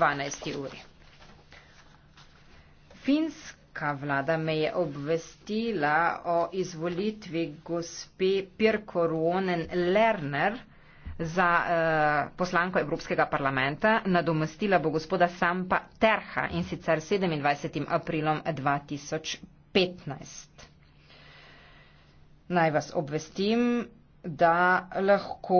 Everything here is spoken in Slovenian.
12. uri. Finska vlada me je obvestila o izvolitvi gospe Pirko Ruonen Lerner za eh, poslanko Evropskega parlamenta. Nadomestila bo gospoda Sampa Terha in sicer 27. aprilom 2015. Naj vas obvestim, da lahko.